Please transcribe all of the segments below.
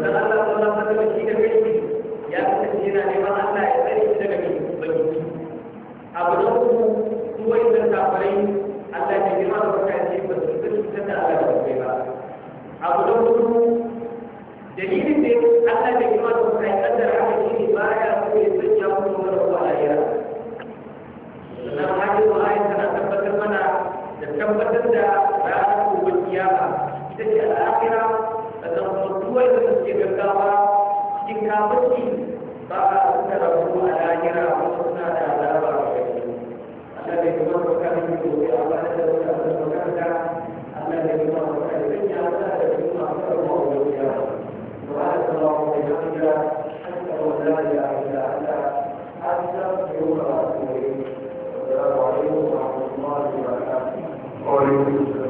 manzon Allah sallallahu alaihi wasallam shi da kai ya kasance yana neman Allah ya tsare shi daga mai baki abu na uku su wa'innan kafirai Allah ya girma da kuka ce ba su ta cutar da Allah da ba abu na hudu dalilin da Allah ya ba da kuka kaddara haka shi ne ba ya so ya sanya mutum wani ruwa a lahira sannan hajjin ma'ayin tana tabbatar mana da tabbatar da ranar ko kiyama ita ce al'akira sannan ruwan da suke gaggawa cikin kafirci ba a suna rabu a lahira wasu suna da azaba a gari Allah bai kuma sauka da ke gobe a ba da sauka da sauka Allah bai kuma sauka da kan ya sa da su masu rabuwa a wani yawa. Wa alaikum wa rahmatullah. Hatta wa la ilaha illa Allah. Hatta wa la ilaha illa Allah.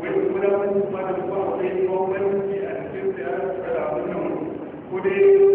wani kudan wani kuma da kuma a wani kuma wani a cikin da ya ko dai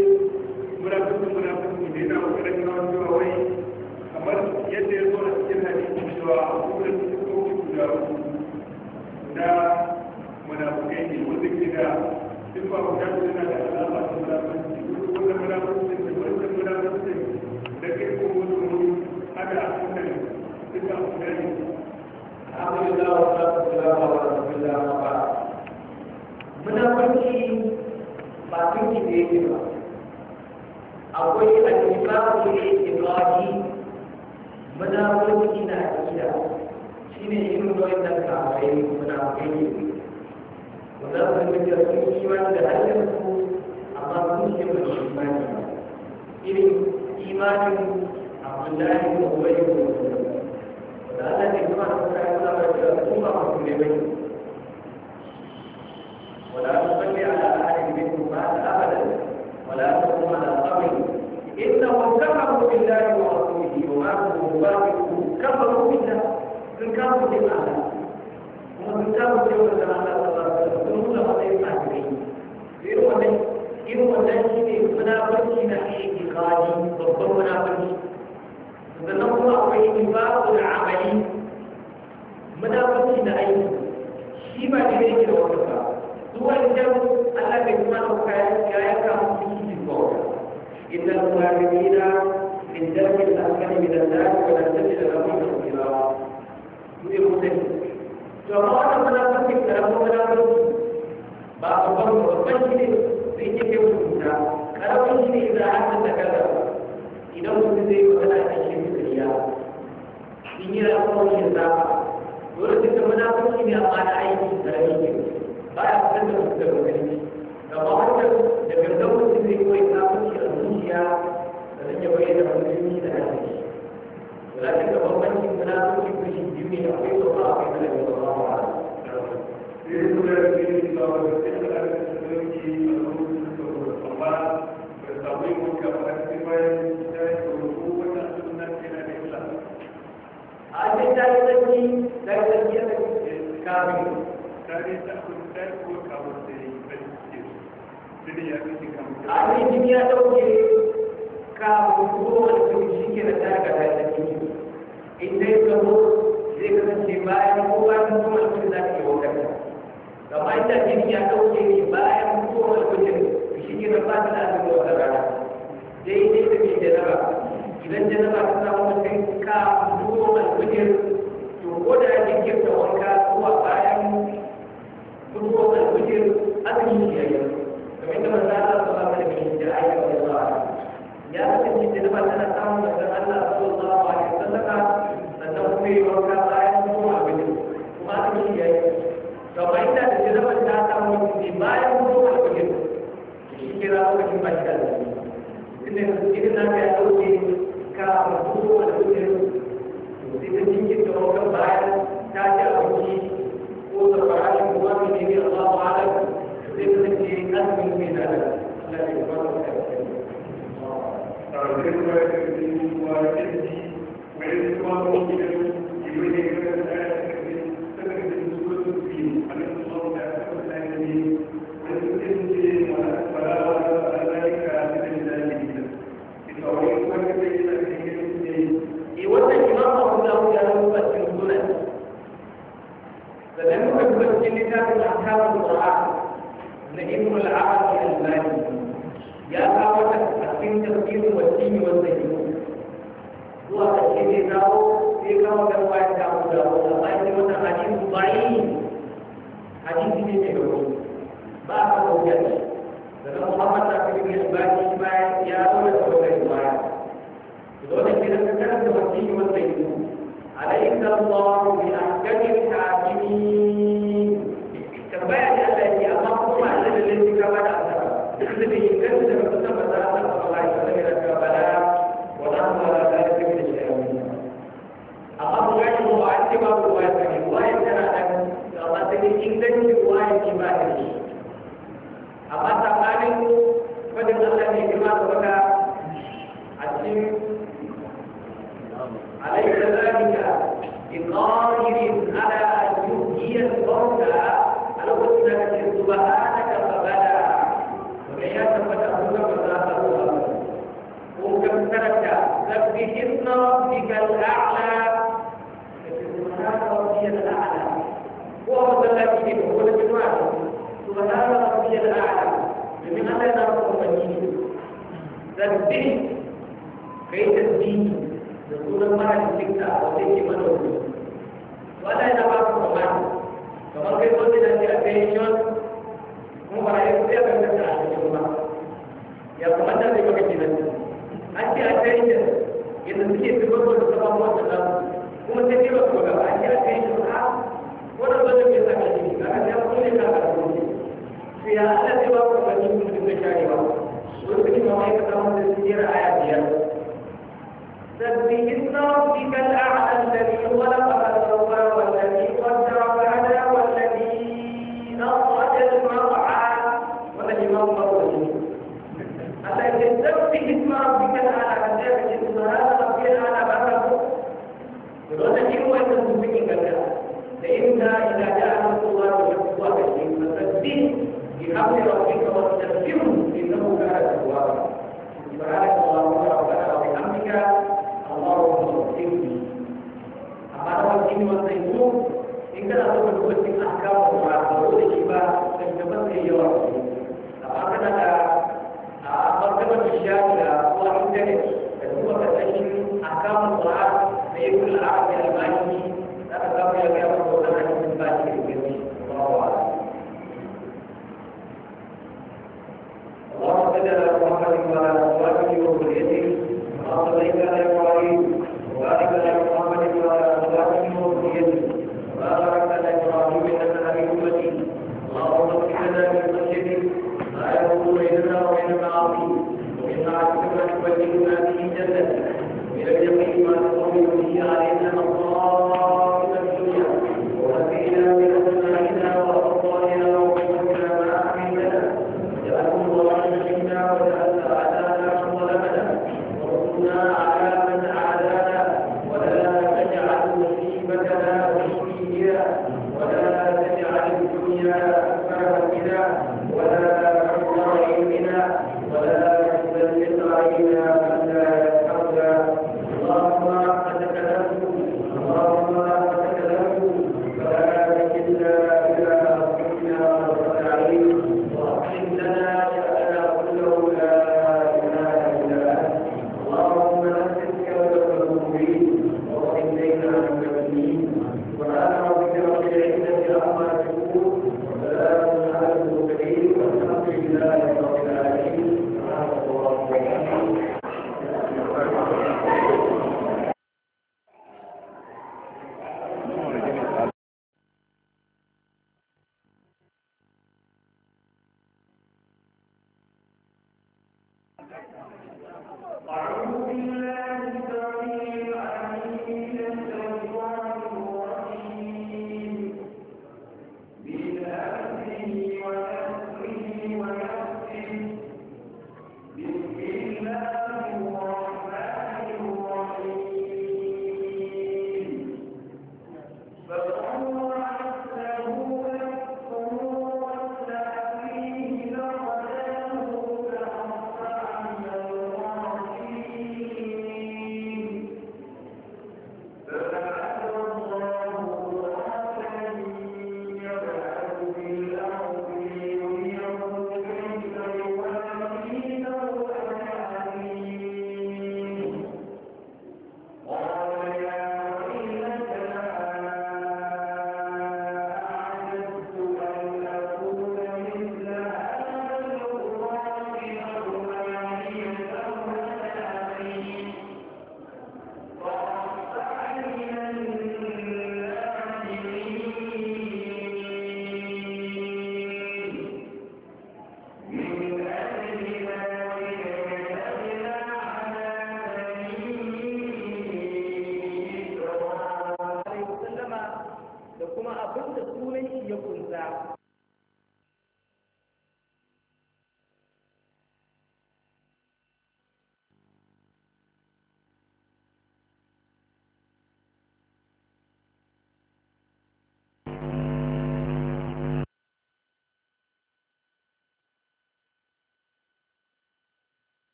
Gracias.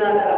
not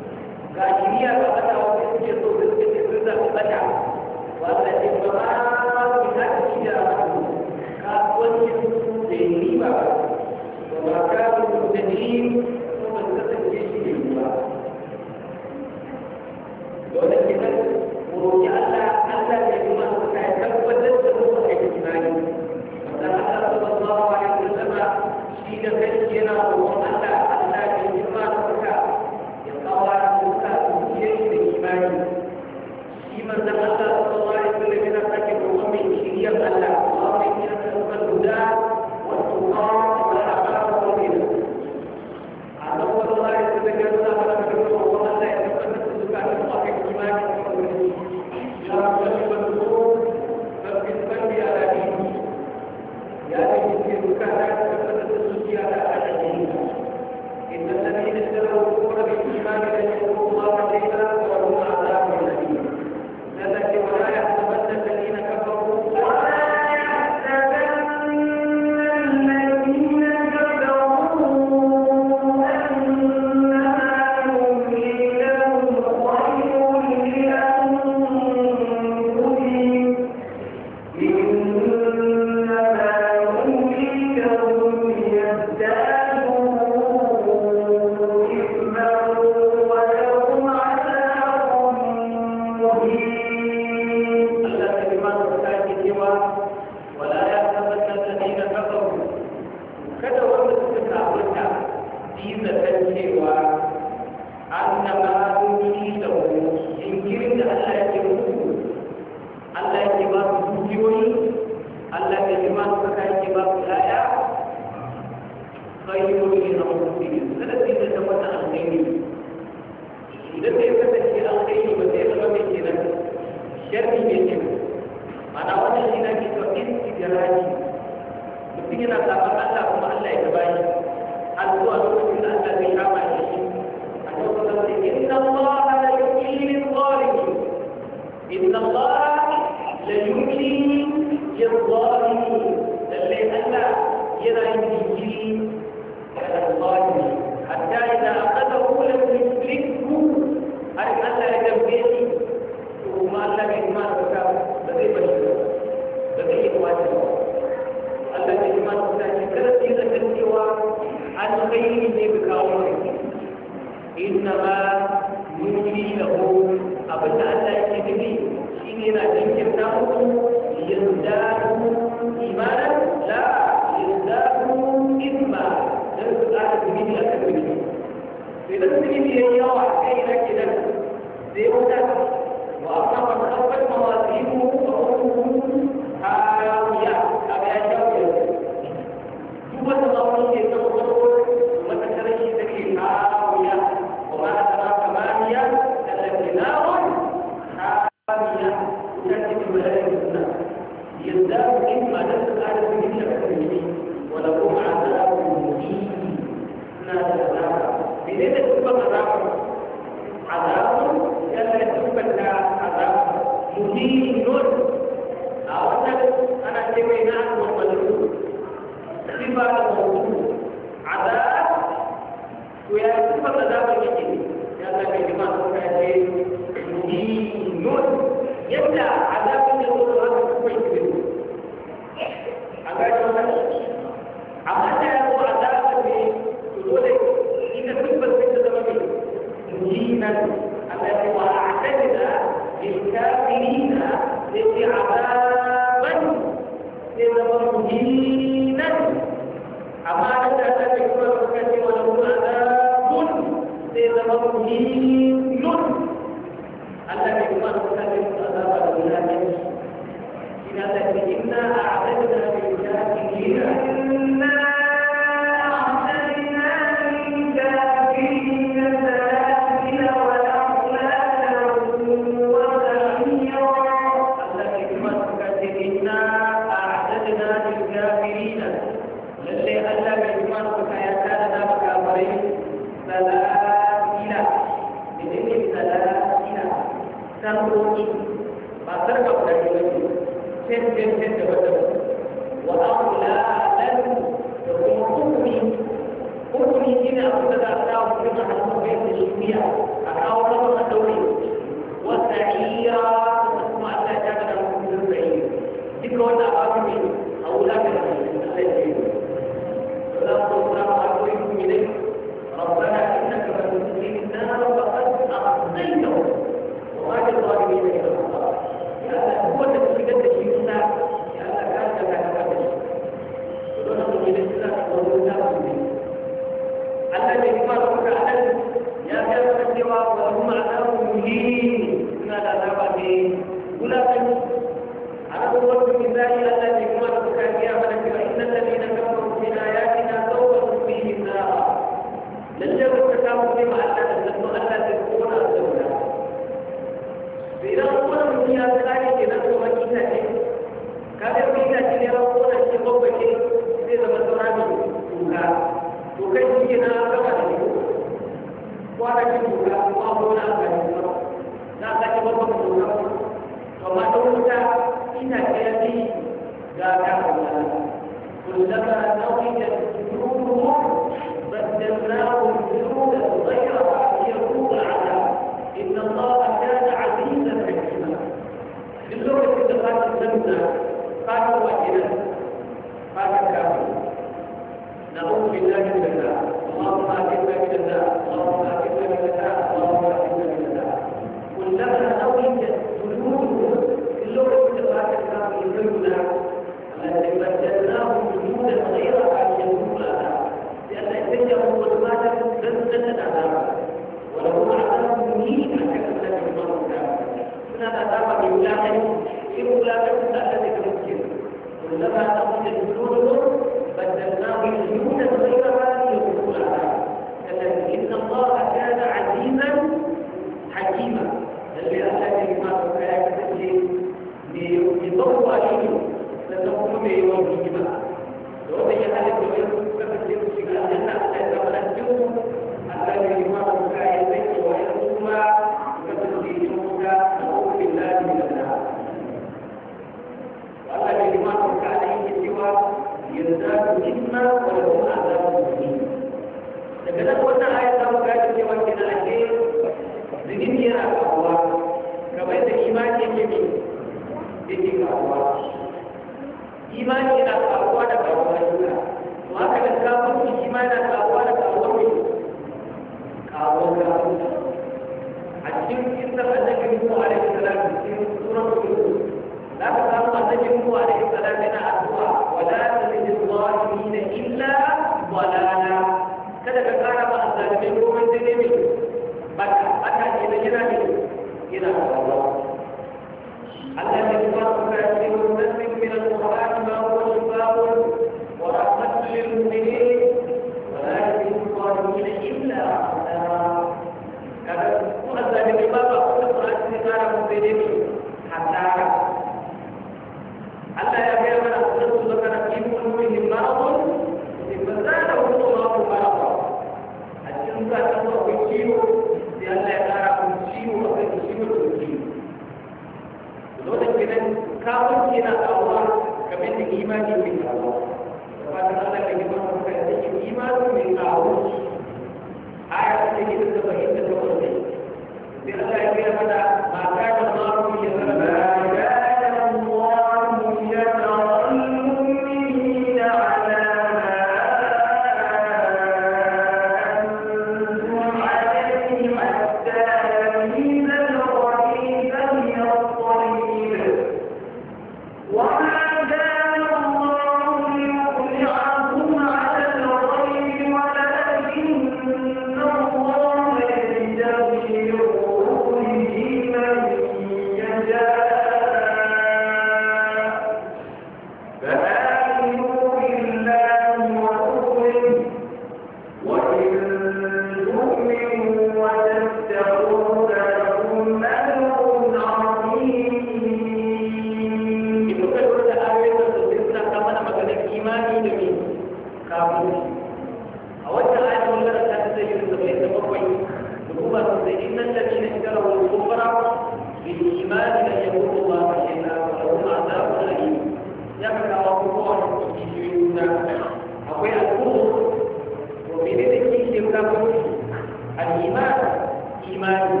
imani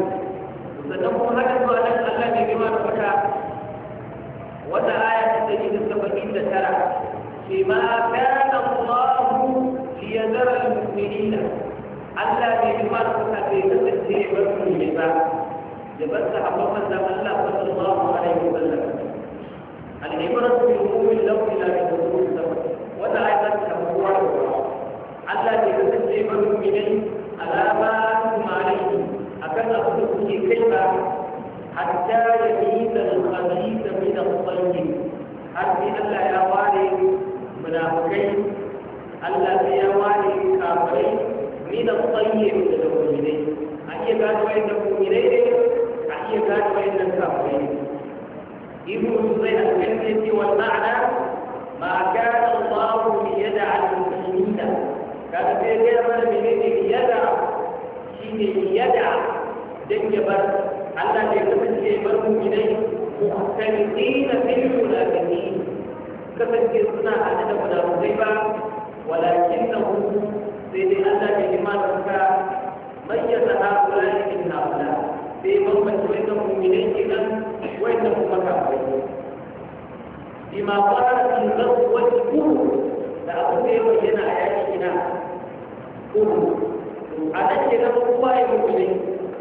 sannan kuma haka zuwa nan Allah mai girma da wata wata aya ta dari da saba'in da tara ce ma kana Allahu liyadara al-mu'minina Allah mai girma da wata bai kasance ya bar su ne ba ya bar su haɓar manzan Allah sallallahu alaihi wa sallam al-ibrat bil mu'min lahu ila bi dhuhur sabab wata aya ta tabbata Allah bai kasance ya bar mu'minai alama كما قلت في كلمة حتى يميز الخبيث من الطيب حتى ألا يا والي منافقين ألا يا كافرين من الطيب من المؤمنين أن يكاد بين المؤمنين أن يكاد بين الكافرين ابن زين الكلمة والمعنى ما كان الله ليدع المسلمين كان في غير من يدع شيء يدع don ya bar Allah da ya kasance bar mu'minai muhtamidina fil munafiqin kasance suna hada da munafiqai ba walakinnahu sai dai Allah ya imanta ka mayyaza haula min haula sai bambanta wannan mu'minai kenan wannan kuma kafirai bima qala sun zawu wani kufur da abin da yawa yana yaki na kufur a nan kenan kowa ya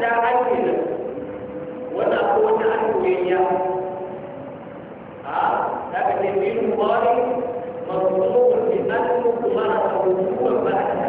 ta haife da wanda akwai wata an koyayya a daga ne biyu bari masu tsohon da an kuma na sabuwar ba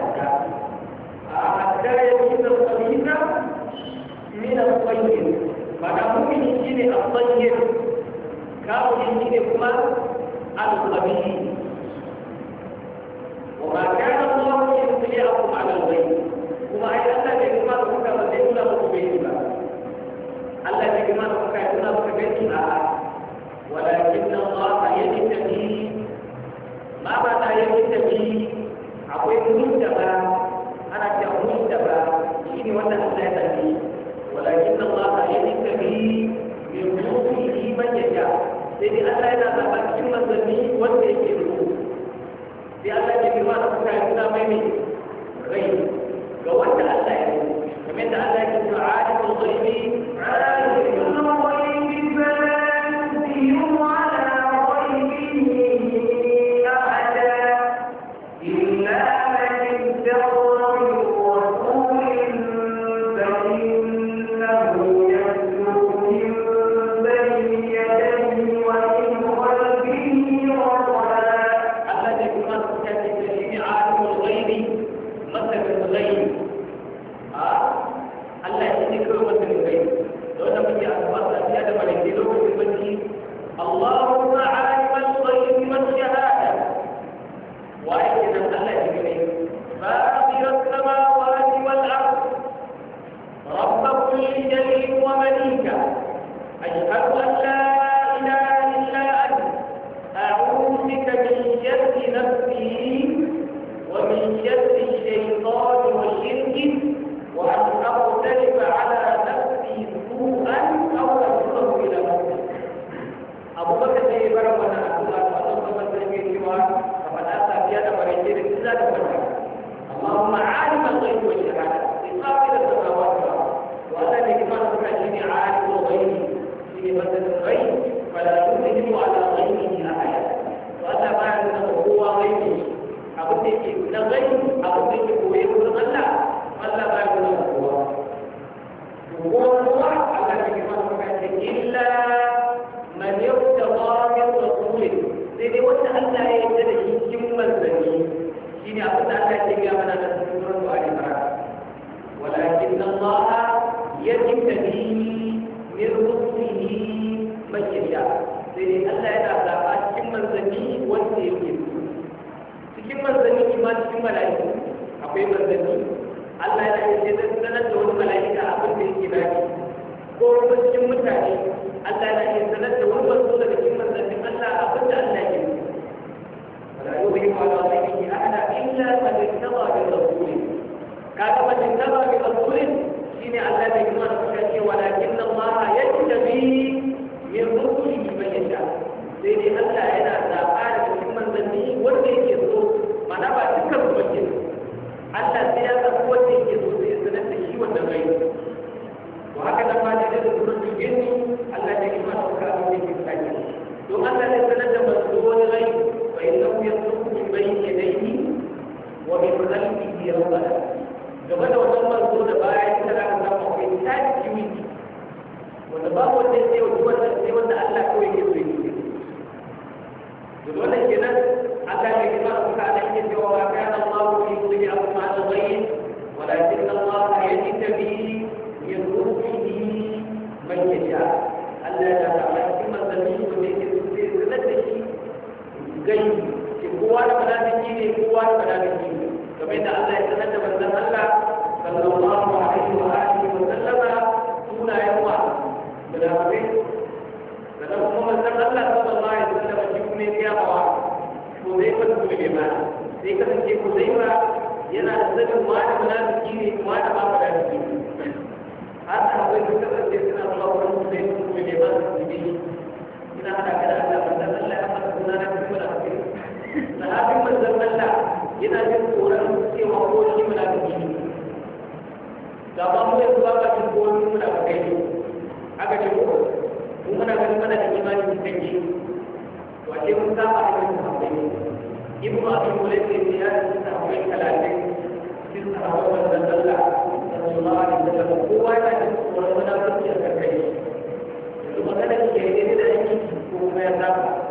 unity ya ba da wannan da baya ita da aka samu akwai tight unity wanda babu wanda ya tsaye wanda sai wanda Allah kawai ke so Allah ya kima su ka da yake cewa Allah Allah Allah ya kima gani kowa da munafiki ne kowa da kamar yadda Allah ya sanar da manzon Allah sallallahu alaihi wa alihi wa sallama sunayen wa kuma manzon Allah sallallahu alaihi wa sallama shi kuma ya wa sai yana da ma da munafiki ne da ba har da akwai duk suna da Sulaiman da Sulaiman ina hada ka da Allah manzon Allah ya fara sunan da kuma da sahabin manzon Allah yana jin tsoron cewa ko shi muna da shi da ba mu yanzu ba ka jin tsoron muna da kai aka ce ko oh, mu muna ganin mana da imani mu kan shi wace mun saba a cikin sahabbai ibnu abi mulay sai ya ce sahabbai talatin cikin da wannan sallah sallallahu alaihi wasallam kowa yana jin tsoron muna da kai yanzu magana ke ne da yake ko ya saba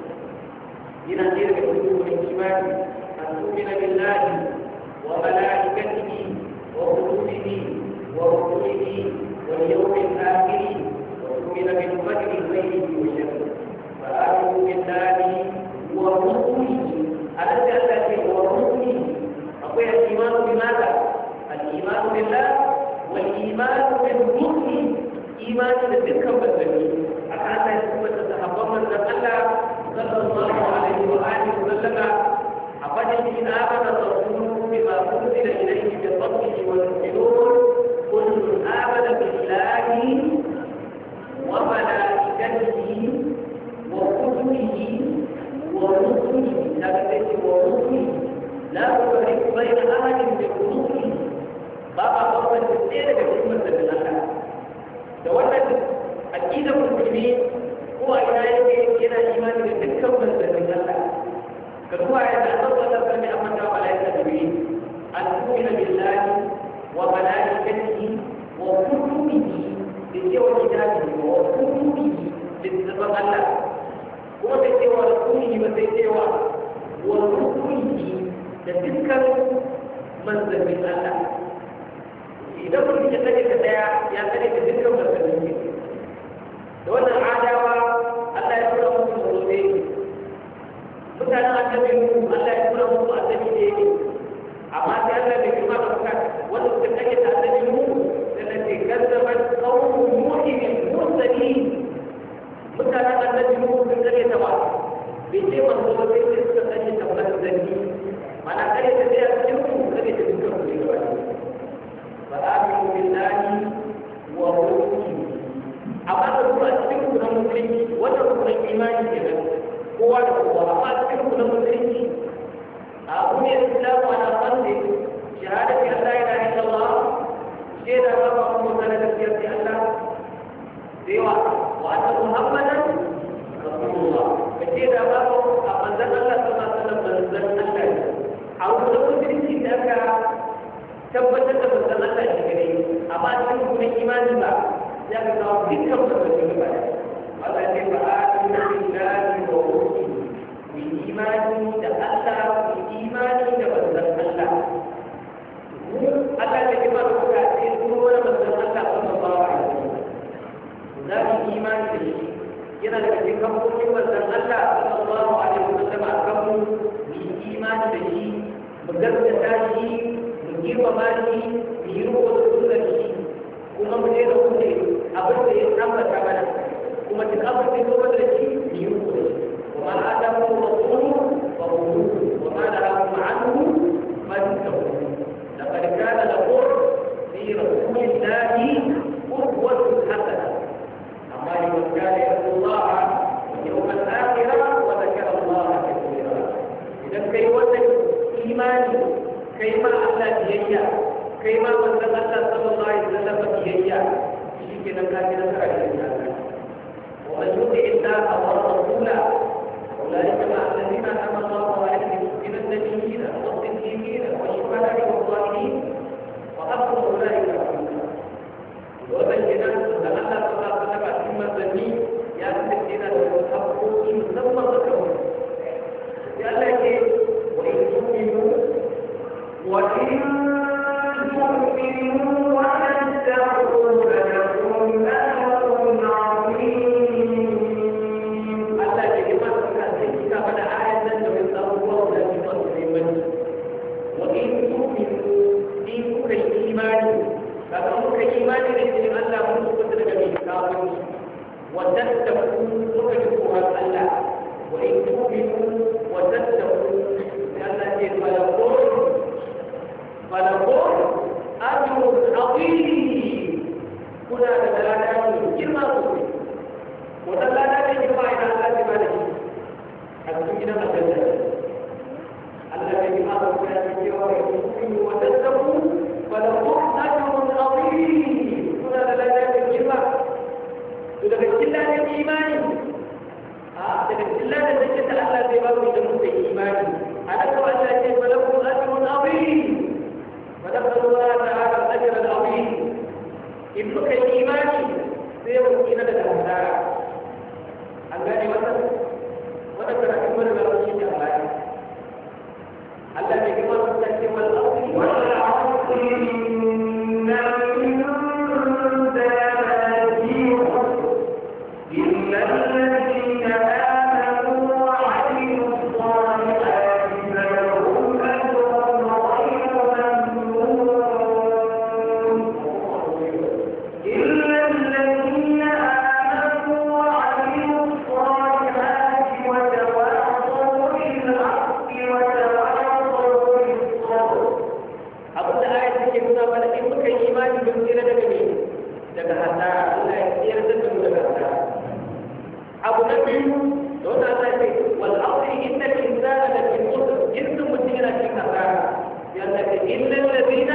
إلى تلك الحدود والحكمات أن تؤمن بالله وملائكته وكتبه ورسله واليوم الآخر وتؤمن بالقدر خيره وشره فآمنوا بالله ورسله ألست التي ورسله أقول الإيمان بماذا؟ الإيمان بالله والإيمان بالرسل إيمان بالذكر والبنين أكاد يكون تتحقق من الله صلى الله عليه وآله وسلم أفجد إن آمن الرسول بما أنزل إليه من ربه والمؤمنون كل آمن بالله وملائكته وكتبه ورسله نبته ورسله لا نفرق بين أحد من بابا قوة السيرة كلمة بالله da wannan فهو إذا أرسل فليأمن ملائكة جبريل أن تؤمن بالله وملائكته وكتبه بسوى كتابه وكتبه بالصفة الله هو بسوى رسوله وبسوى ورسوله لتذكر منزل من الله إذا كنت تجد kowa da kowa amma cikin mu na musulunci a kuma islamu ana wanda shahada fi Allah ila illallah shaida ba ba da sanar da Allah da yawa قال لك إلا الذين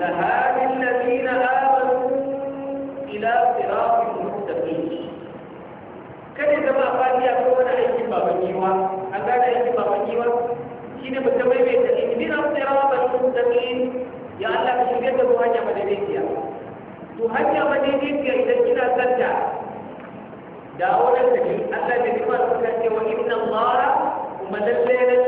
لهادي الذين آمنوا إلى صراط مستقيم kada ya zama a fadi ya kai wani aikin baban yiwa an gane aikin baban yiwa shi ne mutum mai mai tafi idan an tsira wa bashi mutakin ya Allah ka shirya da mu hanya madaidaiciya to hanya madaidaiciya idan kina sanda da wannan tafi Allah ya ji ma suka ce wa inna Allah kuma lallai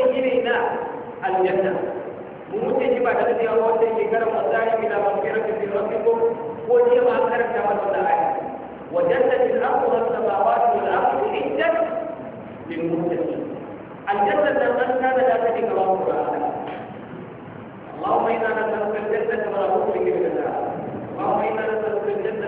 matsayi shi ne na aljanna mu mutu shi ba tare da yawa wanda yake karan masari bila mafiyarci bin rabbikum ko ce ma an karanta masa wannan aya wa jannatin arduha as-samawati wal ardu iddat lil muttaqin aljanna nan an kada da take gaba ku اللهم انا نسالك الجنه ونعوذ بك من النار اللهم انا نسالك الجنه